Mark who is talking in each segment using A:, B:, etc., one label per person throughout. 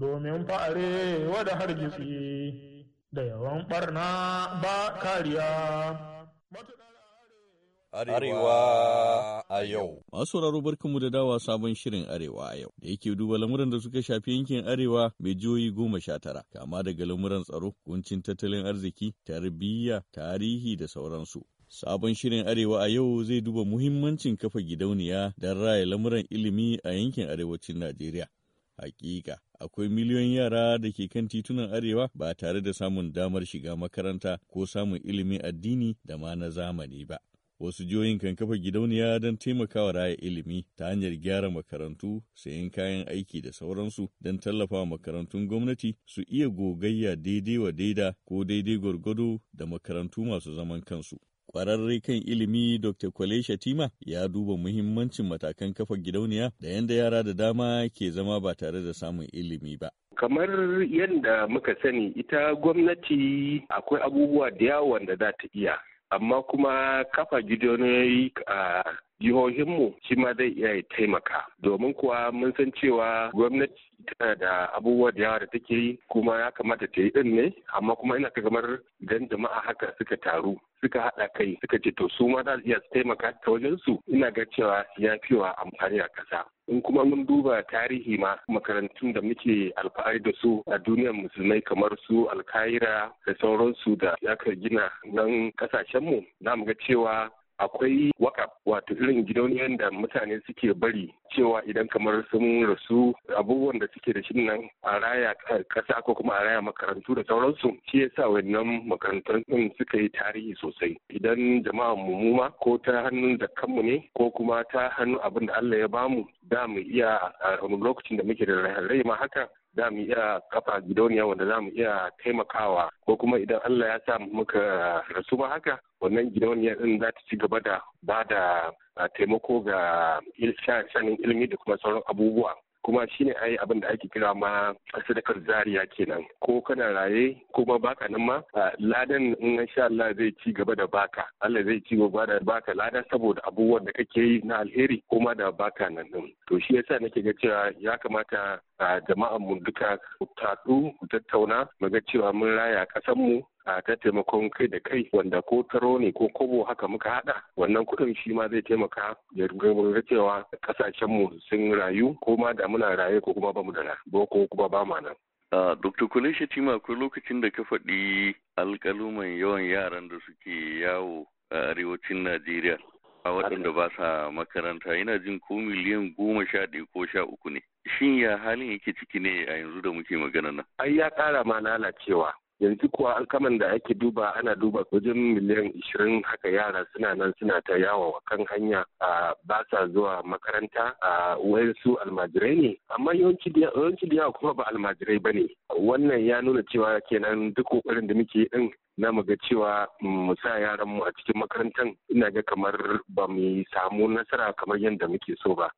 A: domin fa'are wada hargitsi da yawan barna
B: ba kariya. Arewa a yau. Masu sauraro barkanmu da dawa sabon shirin Arewa a yau da yake duba lamuran da suka shafi yankin Arewa mai jihohi goma sha tara kama daga lamuran tsaro, kuncin tattalin arziki, tarbiyya, tarihi da sauransu. Sabon shirin Arewa a yau zai duba muhimmancin kafa gidauniya don raya lamuran ilimi a yankin arewacin Najeriya. Hakika, akwai miliyoyin yara da ke kan titunan arewa ba tare da samun damar shiga makaranta ko samun ilimin addini da ma na zamani ba. Wasu jihohin kan kafa gidauniya don taimakawa raya ilimi ta hanyar gyara makarantu, sayan kayan aiki da sauransu don tallafa makarantun gwamnati su iya gogayya daidai wa daida ko daidai gwargwado da makarantu masu zaman kansu. Kwararre kan ilimi Dr. Kwale Shatima ya duba muhimmancin matakan kafa gidauniya da yadda yara da dama ke zama ba tare da samun ilimi ba.
C: kamar yadda muka sani ita gwamnati akwai abubuwa da yawa wanda za ta iya amma kuma kafa gidauniyoyi a ah, jihohinmu shi ma zai iya taimaka domin kuwa mun san cewa gwamnati tana da abubuwa da yawa da take yi kuma ya kamata ta yi din ne amma kuma ina ka kamar dan jama'a haka suka taru suka haɗa kai suka ce to su ma za su iya taimaka ta wajen su ina ga cewa ya fi amfani a ƙasa in kuma mun duba tarihi ma makarantun da muke alfahari da su a duniyar musulmai kamar su alkaira da sauransu da aka gina nan kasashenmu za mu ga cewa akwai wakaf wato irin gidauniyar da mutane suke bari cewa idan kamar sun rasu abubuwan da suke da shi nan a raya kasa ko kuma a raya makarantu da sauransu shi yasa wannan makarantar din suka yi tarihi sosai idan jama'a mu ma ko ta hannun da kanmu ne ko kuma ta hannun abin da Allah ya bamu da mu iya a lokacin da muke da rai ma haka za mu iya kafa gidauniya wanda za mu iya taimakawa ko kuma idan Allah ya sa muka rasu ba haka wannan gidauniya din za ta ci gaba da ba da taimako ga shanin ilimi da kuma sauran abubuwa kuma shine ai abin da ake kira ma sadakar zariya kenan ko kana raye kuma baka nan ma ladan in insha Allah zai ci gaba da baka Allah zai ci gaba da baka ladan saboda abubuwan da kake yi na alheri kuma da baka nan din to shi yasa nake ga cewa ya kamata a jama'an mu duka taɗu tattauna mu ga cewa mun raya ƙasar mu a ta taimakon kai da kai wanda ko taro ne ko kobo haka muka hada wannan kuɗin shi ma zai taimaka ya ga cewa ƙasashen mu sun rayu ko ma da muna raye ko kuma bamu da ko kuma ba
B: ma nan Dr. Kule Tima, akwai lokacin da ka faɗi alƙaluman yawan yaran da suke yawo a arewacin Najeriya a waɗanda ba sa makaranta yana jin ko miliyan goma sha ɗaya ko sha uku ne shin ya halin yake ciki ne a yanzu da muke magana nan ai ya ƙara ma lalacewa
C: yanzu kuwa alkaman da ake duba ana duba wajen miliyan ishirin haka yara suna nan suna ta yawo kan hanya a ba sa zuwa makaranta a wayansu almajirai ne amma yawanci da yawa kuma ba almajirai ba ne wannan ya nuna cewa kenan duk kokarin da muke din na mu ga cewa mm, mu sa yaran mu a cikin makarantar ina ga kamar ba mu samu nasara kamar yadda muke so ba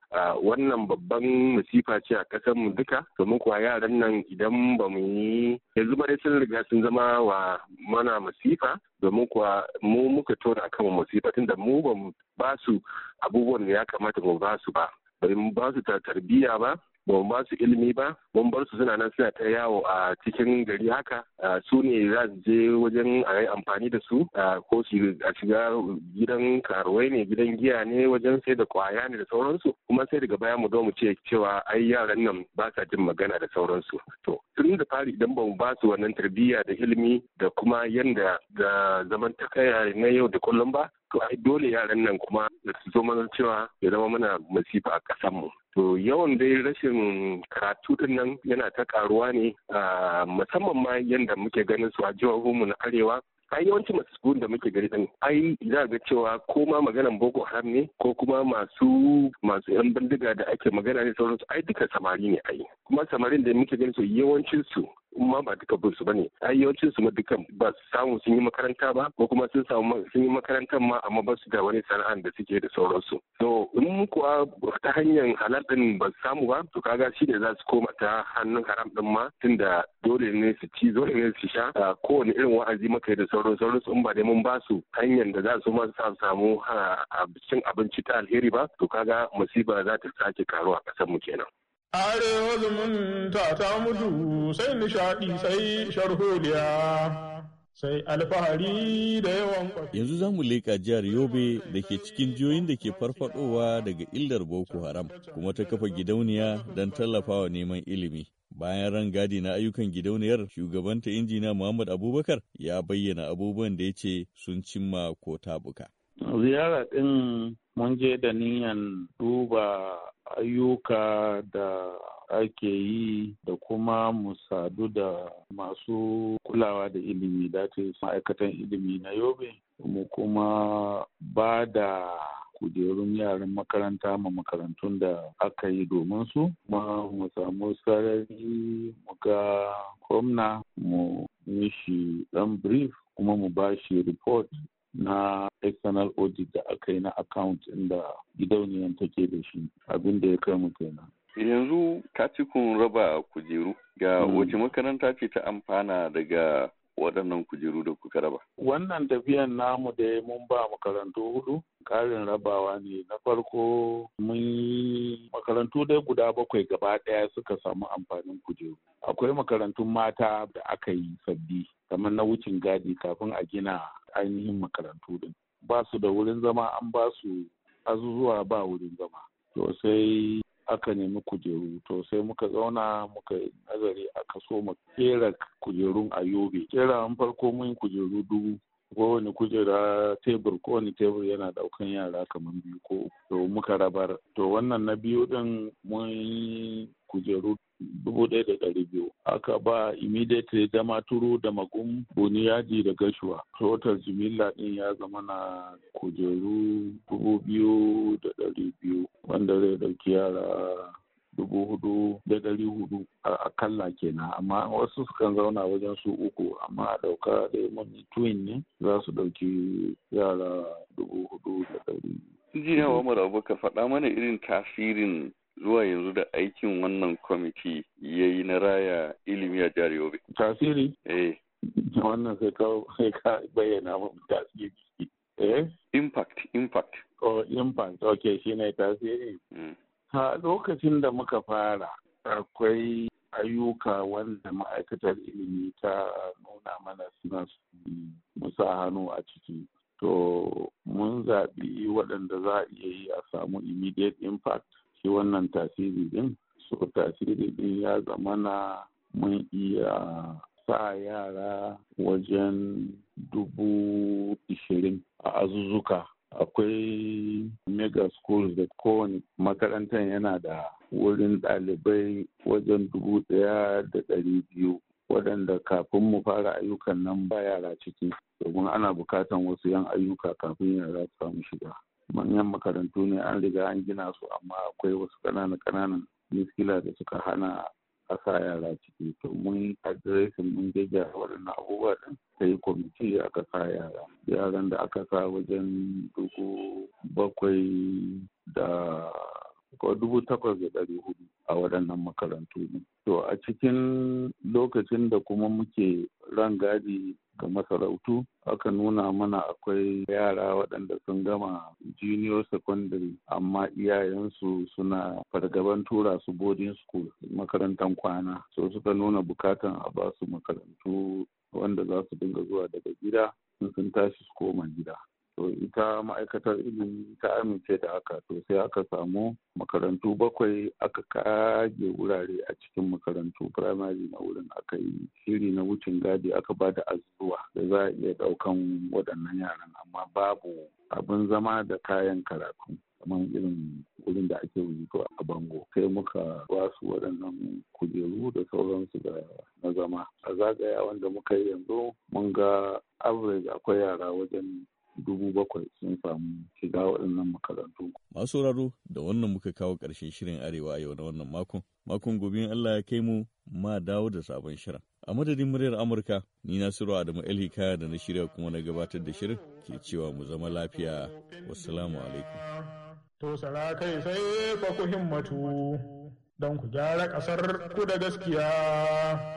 C: wannan babban masifa ce a kasar mu duka domin kwa yaran nan idan ba mu yi yanzu ma sun riga sun zama wa mana musifa domin kuwa mu muka tona akan musifa tunda mu ba su abubuwan da ya kamata mu ba su ba bai mu ba su ta tarbiyya ba ba mu ba su ilimi ba mun bar su suna nan suna ta yawo a cikin gari haka su ne za su je wajen a yi amfani da su ko su a shiga gidan karuwai ne gidan giya ne wajen sai da kwaya ne da sauransu kuma sai daga baya mu zo mu ce cewa ai yaran nan ba sa jin magana da sauransu to tun da fari idan ba mu ba su wannan tarbiyya da ilimi da kuma yanda da zaman takaya na yau da kullum ba to dole yaran nan kuma da su zo mana cewa ya zama mana masifa a kasanmu. to yawan dai rashin karatu nan yana ta karuwa ne a musamman ma yadda muke ganin su a jihohinmu na arewa ai yawanci masu da muke gari din ai za ga cewa ko ma maganan boko haram ne ko kuma masu masu yan bindiga da ake magana ne sauransu ai duka samari ne ai kuma samarin da muke gani su yawancin su ma ba duka bin su bane ai yawancin su ma dukan ba su samu sun yi makaranta ba ko kuma sun samu sun yi makarantar ma amma ba su da wani sana'an da suke da sauransu to in kuwa ta hanyar halal din ba su samu ba to kaga shi ne za su koma ta hannun haram din ma tunda dole ne su ci dole ne su sha kowane irin wa'azi maka da sauran su in ba dai mun ba su hanyar da za su ma su samu cin abinci ta alheri ba to kaga musiba za ta sake karuwa a kasar mu kenan
A: are zumunta ta mutu sai nishaɗi sai sharholiya. sai alfahari da yawan
B: yanzu za mu leƙa jihar yobe da ke cikin jihohin da ke farfadowa daga illar boko haram kuma ta kafa gidauniya don tallafawa neman ilimi bayan ran gadi na ayyukan gidauniyar shugabanta injina muhammad abubakar ya bayyana abubuwan da ya ce sun cimma ko tabuka
A: ziyara din mun je da niyan duba ayyuka da ake yi da kuma mu sadu da masu kulawa da ilimi dace ma'aikatan ilimi na yobe mu kuma ba da kujerun yaran makaranta ma makarantun da aka yi domin su kuma mu samu sarari mu ga gwamna mu mishi dan brief kuma mu ba shi report na external audit da aka yi na account inda gidauniyan take da shi abin da ya kai mu kenan
B: yanzu katikun raba kujeru ga hmm. wace makaranta ce ta amfana daga waɗannan kujeru da kuka raba?
A: Wannan tafiyan namu da mun ba makarantu hudu ƙarin rabawa ne na farko mun yi makarantu dai guda bakwai gaba ɗaya suka samu amfanin kujeru. Akwai makarantun mata da aka yi sabbi kamar na wucin gadi kafin a gina ainihin makarantu din. Ba su da wurin zama an ba su azuzuwa ba wurin zama. To sai aka nemi kujeru to sai muka zauna muka azare a kaso mu kera kujerun a yobe kera an farko mun kujeru dubu kowane kujera tebur kowane tebur yana daukan yara kamar biyu ko to muka rabar to wannan na biyu din mun kujeru dubu ɗaya da ɗari biyu aka ba immediately da maturu da magum buniyadi da gashuwa total jimilla ɗin ya zama na kujeru dubu biyu da ɗari biyu wanda zai ɗauki yara dubu hudu da dari hudu a kalla kenan amma wasu sukan zauna wajen su uku amma a dauka da mani twin ne za su dauki yara dubu hudu da dari
B: jiya wa marabu ka faɗa mana irin tasirin zuwa yanzu da aikin wannan kwamiti ya yi na raya ilimi a jihar yobe tasiri eh wannan sai ka bayyana
A: mu tasiri eh impact impact oh impact okay shine tasiri mm. A lokacin da muka fara akwai ayyuka wanda ma'aikatar ilimi ta nuna mana suna musa hannu a ciki. To mun zaɓi waɗanda za a iya yi a samu immediate impact shi wannan tasiri din So tasiri ɗin ya zamana mun iya sa yara wajen dubu ishirin a azuzuka? akwai mega schools da kowane makarantar yana da wurin ɗalibai wajen dubu ɗaya da ɗari biyu waɗanda kafin mu fara ayyukan nan ba yara ciki domin ana bukatan wasu yan ayyuka kafin yara su samu shiga manyan makarantu ne an riga an gina su amma akwai wasu ƙananan ƙananan miskila da suka hana a yara ciki to mun adireshin mun gyaggyara waɗannan abubuwa ɗin sai kwamiti a ƙasa yara yaran da aka sa wajen dubu bakwai da akwai dubu takwas da ɗari hudu a waɗannan makarantu ne. To a cikin lokacin da kuma muke rangadi ga masarautu aka nuna mana akwai yara waɗanda sun gama junior secondary amma iyayensu suna fargaban tura su boarding school makarantar kwana so suka nuna bukatan a basu makarantu wanda za su dinga zuwa daga gida sun tashi su koma gida to ita ma'aikatar ilimi ta amince da haka to sai aka samu makarantu bakwai aka kage wurare a cikin makarantu firamare na wurin aka yi shiri na wucin gadi aka ba da azuwa da za a iya daukan waɗannan yaran amma babu abin zama da kayan karatu kamar irin wurin da ake wuto a bango sai muka ba su waɗannan kujeru da sauransu da na zama a zagaya wanda muka yi yanzu mun ga average akwai yara wajen dubu bakwai sun samu shiga waɗannan makarantu.
B: Masu sauraro da wannan muka kawo ƙarshen shirin Arewa yau na wannan makon. Makon gobe in Allah ya kai mu ma dawo da sabon shirin. A madadin muryar Amurka, ni Nasiru Adamu El Hikaya da na shirya kuma na gabatar da shirin ke cewa mu zama lafiya. Wassalamu alaikum.
A: To kai sai fa ku himmatu don ku gyara ƙasar ku da gaskiya.